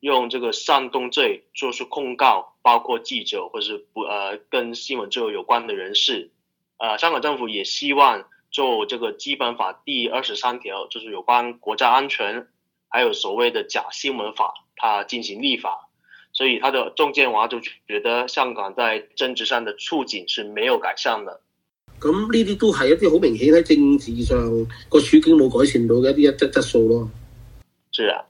用這個煽動罪作出控告，包括記者或者不，呃，跟新聞自由有關的人士。呃，香港政府也希望做這個基本法第二十三條，就是有關國家安全，還有所謂的假新聞法，它進行立法。所以他的鍾健華就覺得香港在政治上的處境是沒有改善的。咁呢啲都係一啲好明顯喺政治上個處境冇改善到嘅一啲一質質素咯。是啊。